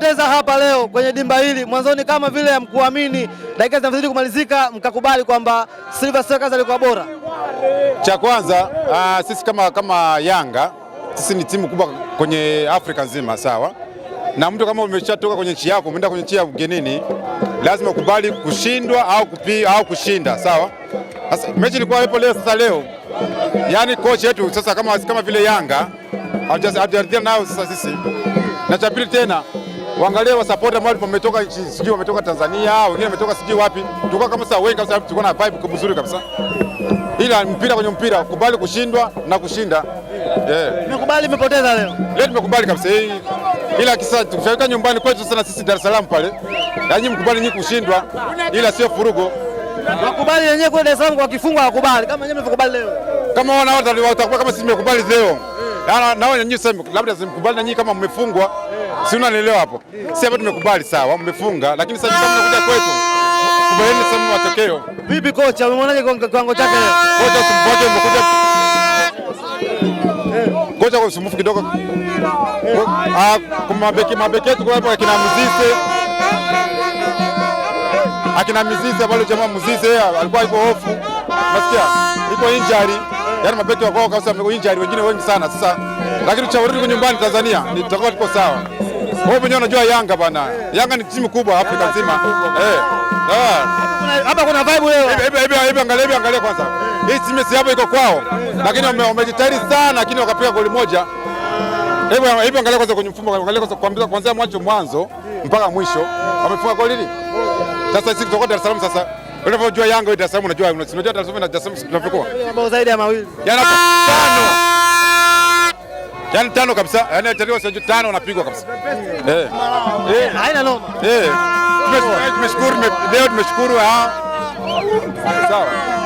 mlipoteza hapa leo kwenye dimba hili mwanzoni, kama vile mkuamini, dakika zinazozidi kumalizika mkakubali kwamba Silver Strikers alikuwa bora. Cha kwanza uh, sisi kama, kama Yanga sisi ni timu kubwa kwenye Afrika nzima, sawa na mtu kama umeshatoka kwenye nchi yako umeenda kwenye nchi ya ugenini, lazima ukubali kushindwa au, kupi, au kushinda sawa. Sasa mechi ilikuwa hapo leo. Sasa leo yani kocha yetu sasa kama, kama vile Yanga hatujaridhiana nayo sasa sisi, na cha pili tena waangalie support ambao wametoka nchi sijui wametoka Tanzania, wengine wametoka sijui wapi. Tulikuwa kama sasa wengi kabisa, tulikuwa na vibe kubwa nzuri kabisa, ila mpira kwenye mpira, kubali kushindwa na kushinda. Nimekubali nimepoteza leo. Leo nimekubali kabisa hii, ila kisa tukifika nyumbani kwetu sana sisi Dar es Salaam pale, yaani mkubali nyinyi kushindwa, ila sio furugo. Wakubali wenyewe kwa Dar es Salaam, kwa kifungo wakubali kama wenyewe mlivyokubali leo, kama wanaota watakuwa kama sisi tumekubali leo Ah, na naona nyinyi sasa labda simkubali na nyinyi kama mmefungwa, si unanielewa hapo? Si hapa tumekubali sawa, mmefunga, lakini sasa mnakuja kwetu kubaleni sasa matokeo. Vipi kocha, umeonaje kiwango chake kocha? Simpoje mkuja eh. kocha kwa usumbufu kidogo, ah, mabeki mabeki yetu kwa hapo akina Mzize akina Mzize, bado jamaa Mzize eh, alikuwa iko hofu, nasikia iko injury yani mabeki wako kwa kabisa injury wengine wengi sana sasa, lakini cha urudi nyumbani Tanzania nitakuwa tuko sawa. Wewe mwenyewe unajua Yanga bana, Yanga ni timu kubwa Afrika nzima eh. Hapa kuna vibe leo, hivi angalia, hivi angalia kwanza hii timu si hapo iko kwao, lakini wamejitahidi sana, lakini wakapiga goli moja. Hivi angalia kwanza kwenye mfumo, angalia kwanza kuanzia mwanzo mwanzo mpaka mwisho, wamefunga goli hili. Sasa sisi tutakuwa Dar es Salaam sasa Unavyojua Yanga itasema unajua unajua Dar na Salaam itasema tunapokuwa. Mabao zaidi ya mawili. Jana tano. Jana tano kabisa. Yaani ataliwa sio tano unapigwa kabisa. Eh. Eh. eh. Haina noma. Eh. Tumeshukuru leo tumeshukuru ah. Sawa.